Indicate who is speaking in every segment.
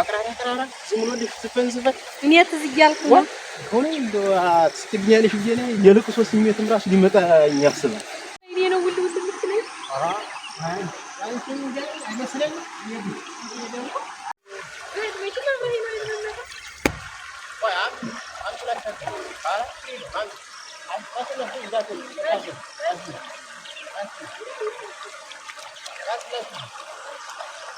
Speaker 1: አቅራራ አቅራራ ዝም ብሎ ልፍትፍን ዝፈት
Speaker 2: እኔ ትዝ እያልኩ ነው
Speaker 3: ሆነ ትስትግኛለሽ ብዬ ላይ የልቅሶ ስሜትም ራሱ ሊመጣ ያስባል።
Speaker 2: እኔ ነው ውል ውል የምትለኝ አይመስለኝም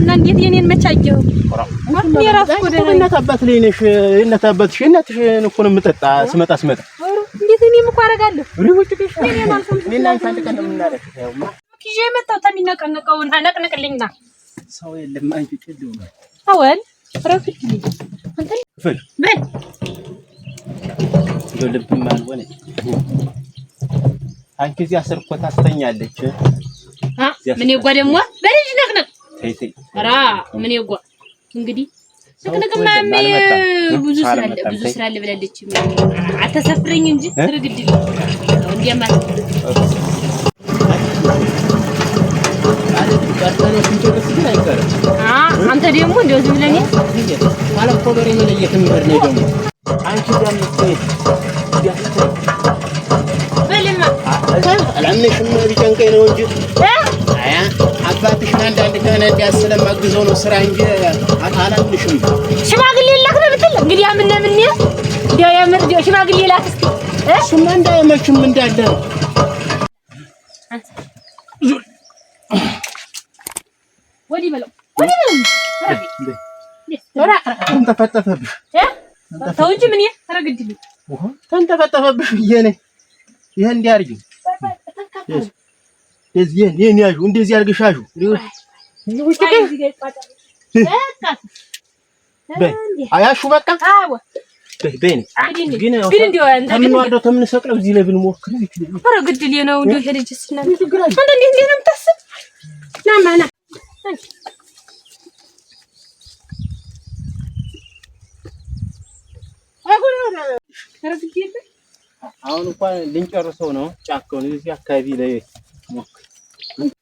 Speaker 2: እና እንዴት የኔን መቻጀው ወፍ የራስ ኮደ
Speaker 3: እናት አባት ላይ ነሽ። እናት አባትሽ እናትሽን እኮ ነው የምጠጣ ስመጣ ስመጣ።
Speaker 2: እንዴት እኔም እኮ አደርጋለሁ። ሪውጭ ቢሽ እኔ ማለት እኔ
Speaker 3: እናንተ አንድ ቀን የምናደርግ ያውማ
Speaker 2: ኪጄ መጣው ተሚነቀነቀውን ነቅንቅልኝና
Speaker 3: ሰው የለም። አንቺ ጭልው
Speaker 2: አወል ረፍት ልይ
Speaker 3: አንተ ፈል በል ልብም አልሆነ አንቺ እዚህ አስር እኮ ታስተኛለች።
Speaker 2: ምን ይጓ በልጅ ነቅነቅ ኧረ ምን ይጓ እንግዲህ ንቅንቅማ ብዙ ስላለ ብዙ ስላለ ብላለች። አልተሰፍረኝ እንጂ ትርግድል እንዲያማ አንተ ደግሞ እንደው ዝም
Speaker 3: ማለት ኮሎሬ መለየት የሚበር ነው። ደግሞ አንቺ ጋር በልማ ቢጨንቀኝ ነው እንጂ አባትሽን አንዳንድ ቀን እንዲያስ ነው ስራ እንጂ አላልሽም።
Speaker 2: ሽማግሌ ላክ ነው ብትል እንግዲህ ምን ምን ዲያ የምር ዲያ ሽማግሌ ላክ እስኪ
Speaker 3: እሱማ እንዳይመችም እንዳለ
Speaker 2: ወዲህ በለው ወዲህ ተው እንጂ ምን ተረግድልኝ
Speaker 3: ተንጠፈጠፈብሽ። ይሄ ይሄ እንዲያርጊ እንደዚህ ይሄን ያዡ እንደዚህ አድርገሽ አያሹ በቃ በይ ግን ተምንዋደው ተምንሰቅለው እዚህ ላይ ብንሞክር
Speaker 2: ግድል ነው እንዲሁ
Speaker 3: አሁን እንኳን ልንጨርሰው ነው ጫካውን እዚህ አካባቢ ላይ ሞክር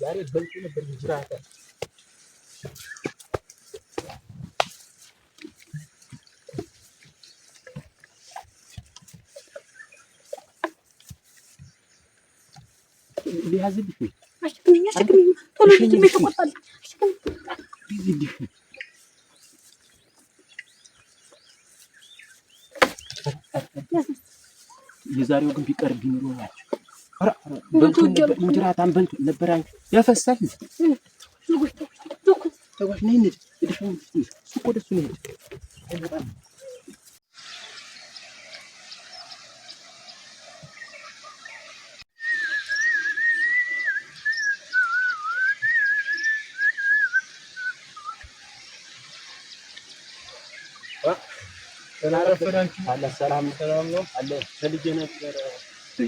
Speaker 3: ዛሬ በልቶ ነበር ጅራታ ሊያዝልሽ ነው።
Speaker 2: አሽክምኝ አሽክምኝ ቶሎ ልጅ ቤት ቆጣል አሽክምኝ
Speaker 3: ሊዝልሽ ነው የዛሬው ግን ቢቀር ኑሮ ናቸው። እንጀራ ታንበልቱ ነበር አይ ያፈሳል። ተጓሽ ነይ ንድ እሱ እኮ ደሱ ነይ እንሂድ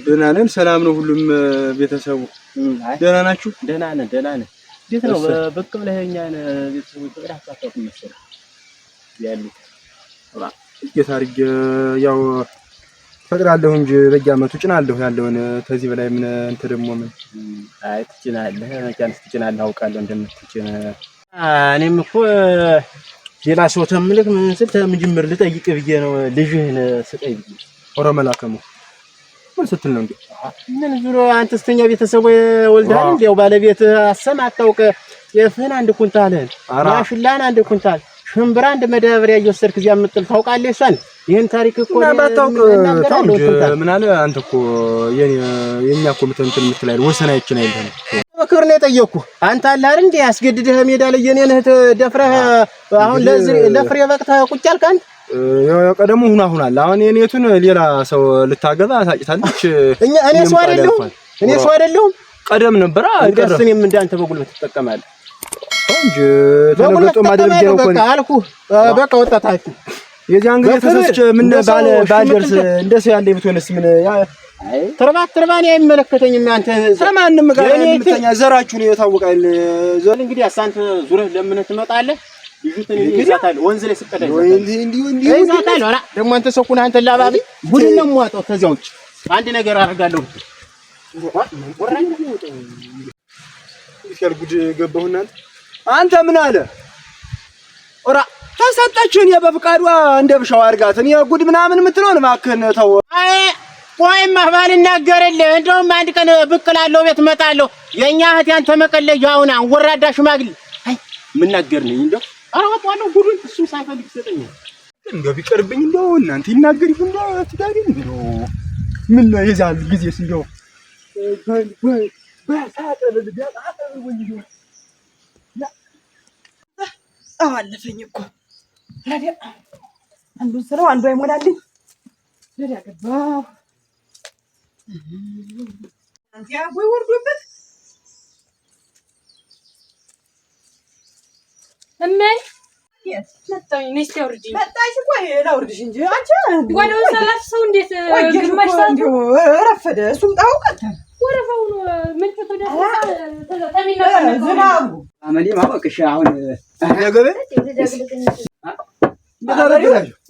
Speaker 3: ደህና ነን፣ ሰላም ነው ሁሉም ቤተሰቡ። ደህና ናችሁ?
Speaker 1: ደህና ነን፣ ደህና ነን። እንዴት ነው ብቅ ብለህ የእኛን ቤተሰቦች ፍቅድ አታውቅም መሰለህ
Speaker 3: ያሉት እንዴት አድርጌ ያው ፈቅዳለሁ እንጂ በየዓመቱ ጭናለሁ ያለውን ከዚህ በላይ ምን እንት ደግሞ ምን
Speaker 1: አይ ትጭናለህ፣ መቼም ትጭናለህ፣ አውቃለሁ እንደምትጭን
Speaker 3: እኔም እኮ ሌላ ሰው ተምልክ ምን ስል ተምጅምር ልጠይቅ ብዬ ነው። ልጅህን ስጠይ ብዬ ኦሮ መላከሙ ምን ስትል ነው እንዴ?
Speaker 1: ምን ዙሮ አንተ አንተስተኛ ቤተሰብ ወልዳ እንዴው ባለቤት አሰማ አታውቅ። የፍህን አንድ ኩንታልህን ማሽላን አንድ ኩንታል ሽምብራ አንድ መዳበሪያ እየወሰድክ እዚያ የምጥል ታውቃለህ። እሷን ይህን ታሪክ እኮ
Speaker 3: ባታውቅ ታውቅ ምን አለ አንተ እኮ የኛ እኮ ምትምትል ምትል አይደል ወሰናችን አይደለም
Speaker 1: በክብር ነው የጠየቅኩ። አንተ አለ አይደል እንዴ ያስገድደህ ሜዳ ላይ የኔን እህት ደፍረህ አሁን ለዚህ ለፍሬ በቅተህ ቁጭ አልክ አንተ።
Speaker 3: የቀደሙ ሁና ሁናል። አሁን የኔቱን ሌላ ሰው ልታገባ ታጭታለች።
Speaker 1: እኛ እኔ ሰው አይደለሁም እኔ ሰው አይደለሁም።
Speaker 3: ቀደም ነበር አይቀርም።
Speaker 1: እኔም እንዳንተ በጉልበት ትጠቀማለህ
Speaker 3: እንጂ ተነግጦ ማደር
Speaker 1: ነው በቃ አልኩ። በቃ ወጣታችሁ
Speaker 3: የዚያን ጊዜ ተሰስቼ ምን ባለ ባደርስ እንደሰው ያለ ብትሆንስ ምን ያ
Speaker 1: ትርባት ትርባን አይመለከተኝ። እናንተ ስለማንም ጋር የምትተኛ ዘራችሁ ነው የታወቃል። ዘል እንግዲህ አሳንተ ዙረህ ለምን ትመጣለህ? ወንዝ ላይ ስቀዳኝ ደግሞ አንተ ሰው ኩን አንተ ላባብ ቡድን አንድ ነገር አደርጋለሁ። አንተ ምን አለ ኦራ ተሰጠችን የበፍቃዷ እንደብሻው አድርጋትን የጉድ ምናምን የምትለውን እባክህን ተው። አይ ቆይማ ባልናገርልህ እንደውም አንድ ቀን ብቅ እላለሁ፣ ቤት እመጣለሁ። የእኛ እህት ያንተ መቀለጃ አሁን ወራዳ ሽማግሌ የምናገር ነኝ እንደው አራዋጣለሁ ጉዱን እሱ ሳይፈልግ ይሰጠኛል።
Speaker 3: እንደው ቢቀርብኝ እንደው እናንተ ይናገር ይሁን እንደው ትዳሪ እንደው ምን ነው የዛን ጊዜ እንደው
Speaker 1: አለፈኝ እኮ አንዱን ስለው አንዱ አይሞላልኝ ለዲያ ገባ ያ ቦይ ወርዶበት
Speaker 2: እመይ መጣሽ
Speaker 1: እኮ ላውርድሽ እንጂ አንቺ
Speaker 2: ጓዳውን ሰላፍ ሰው እንዴት ግማሽ ሰዓት
Speaker 1: ረፈደ። እሱም ጣሁ ቀጠለ
Speaker 2: ወረፋው ምንጮት ወደ
Speaker 1: ዝናቡ አመሌ ማወቅሽ አሁን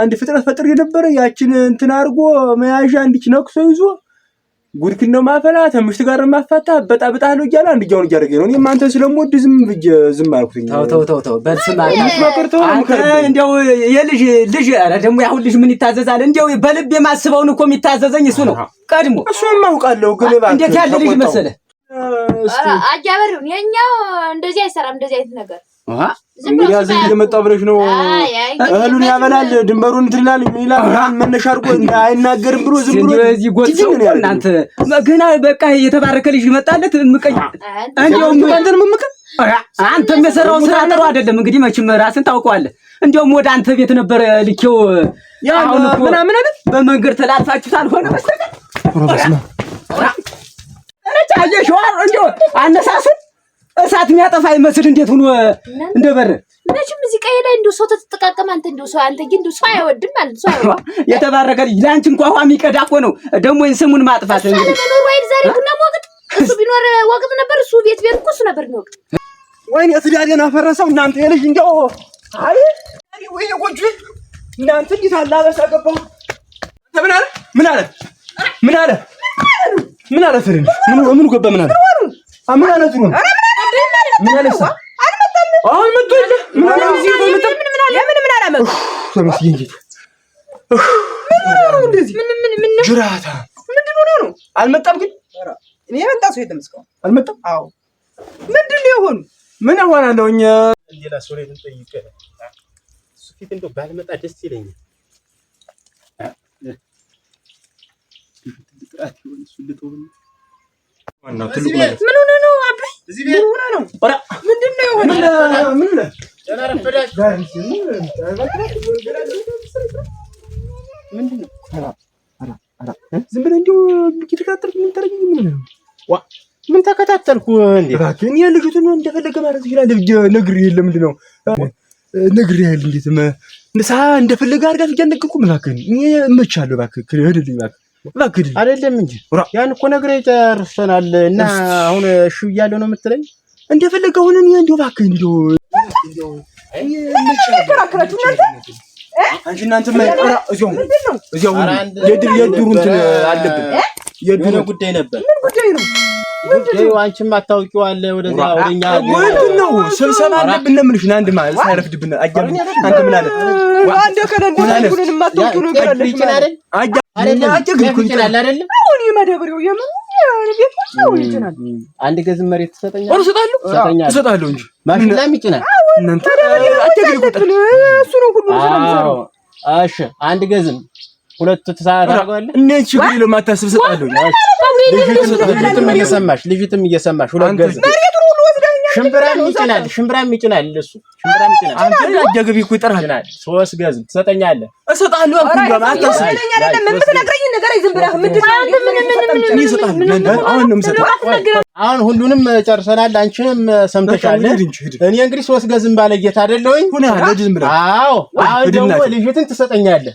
Speaker 3: አንድ ፍጥረት ፈጥር የነበረ ያችን እንትን አድርጎ መያዣ እንዲች ነክሶ ይዞ ጉድክን ነው ማፈላ ተምሽት ጋር ማፋታ በጣብጣለሁ እያለ አንድ እጃውን እያደረገ ነው። እኔም አንተን ስለምወድ ዝም ብዬ ዝም አልኩትኝ።
Speaker 1: ተው ተው ተው ተው በል ስማ፣ እንዲያው የልጅ ልጅ ኧረ ደግሞ ያሁን ልጅ ምን ይታዘዛል? እንዲያው በልብ የማስበውን እኮ የሚታዘዘኝ እሱ ነው ቀድሞ። እሱም አውቃለሁ፣ ግን እንዴት ያለ ልጅ መሰለ አጃበሪውን የኛው እንደዚህ አይሰራም እንደዚህ አይነት ነገር እንግዲህ እዚህ እየመጣ ብለሽ ነው እህሉን ያበላል፣ ድንበሩን እንትላል ይላል መነሻ አድርጎ አይናገርም ብሎ ዝም ብሎ እዚህ ጎጥ ሰው እናንተ ገና በቃ የተባረከ ልጅ ይመጣለት ምቀኝ እንደውም እንትን ምምቀኝ አንተ የሰራው ስራ ጥሩ አይደለም። እንግዲህ መቼም ራስን ታውቀዋለህ። እንደውም ወደ አንተ ቤት ነበር ልኬው ያሁን ምናምን አይደል በመንገድ ተላልፋችሁ ታልሆነ በስተቀር ረጫ አየሽው እንደው አነሳሱን እሳት የሚያጠፋ ይመስል እንዴት ሆኖ እንደበረር መቼም እዚህ ቀይ ላይ እንደው ሰው ተጠቃቀም። አንተ እንደው ሰው አንተ ግን ሰው አይወድም ማለት ሰው አይወድም። የተባረከ ለአንቺ እንኳ ውሃ የሚቀዳ እኮ ነው። ደግሞ ስሙን ማጥፋት እንግዲህ ወይ ዛሬ ቡና ወቅት እሱ ቢኖር ወቅት ነበር። እሱ ቤት ቤት እኮ እሱ ነበር የሚወቅት። ወይኔ ትዳዴን አፈረሰው እናንተ የልጅ እንደው አይ ወይ ጎጆ እናንተ እንዴት አላበሳ ገባሁ። ምን አለ ምን አለ ምን አለ ምን አለ ምን አለ ምን አለ ምን አለ ምን አለ አልመጣም ግን ሰው የለም እስካሁን አልመጣም አዎ ምንድን ሰው ላይ ምን ባልመጣ ደስ ይለኛል ምን ሆነ ነው አባ ዝም ብለህ እንዲሁ እየተከታተልኩ ምን ታደርጊ? ምን ነው ዋ ምን ተከታተልኩ እንዴ? እባክህ እኔ ልጅቱን እንደፈለገ ማለት ትችላለህ። ነግሬህ የለ ምንድን ነው ነግሬህ ያህል እንዴት እንደፈለገ አድርጋት እያነገርኩህ እባክህን እኔ እመችሀለሁ እባክህ እባክህ በግድ አይደለም እንጂ ያን እኮ ነግረህ ጨርሰናል። እና አሁን እሺ እያለሁ ነው የምትለኝ? እንደፈለገ አሁን እኔ እንደው እባክህ እንደው አንቺ እናንተ እዚያው እዚያው የድር የድሩ እንትን አለብን የድሩ ጉዳይ ነበር። ምን ጉዳይ ነው? አንቺም አታውቂው አለ ወደዛ ወደኛ ምንድን ነው ስብሰባ አለብን ነው የምልሽ። አንድ ማለት ሳይረፍድብን አያ አንተ ምን አለ አንድ ከለንደን የማታውቂው ነገር አለ አይደል? አሁን የመደብሬው የምን አንድ ገዝም መሬት ትሰጠኛለህ? እሰጣለሁ እሰጣለሁ እንጂ ማሽላም ይጭናል። እናንተ እሱ ነው ሁሉ። እሺ አንድ ገዝም ሁለቱ ተሳራጓለ እንዴት ችግር ለማታስብ ሰጣለሁ። ልጅቱም እየሰማሽ ሁለት ገጽ ሽምብራም ይጭናል፣ ሽምብራም ይጭናል። እሱ ሽምብራም ይጭናል። ሶስት ገዝ ትሰጠኛለህ፣ አሁን ሁሉንም ጨርሰናል። አንቺንም ሰምተሻል። እኔ እንግዲህ ሶስት ገዝም ባለ ጌታ አይደለሁኝ። አዎ አሁን ደግሞ ልጅትን ትሰጠኛለህ።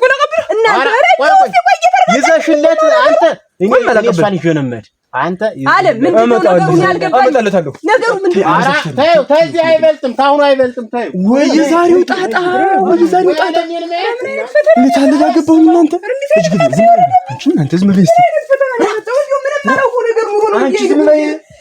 Speaker 1: ይዘሽለት አንተ እኔ ይዤ ነው የምሄድ። አንተ አለም ምንድን ነገሩ? ነገሩ ምንድን ነው? አይበልጥም፣ ታሁኑ አይበልጥም። ወይ የዛሬው ጣጣ፣ ወይ የዛሬው ጣጣ። እንዴት አለ ያገባሁኝ እናንተ እጅግ እናንተ ዝም በይ እስኪ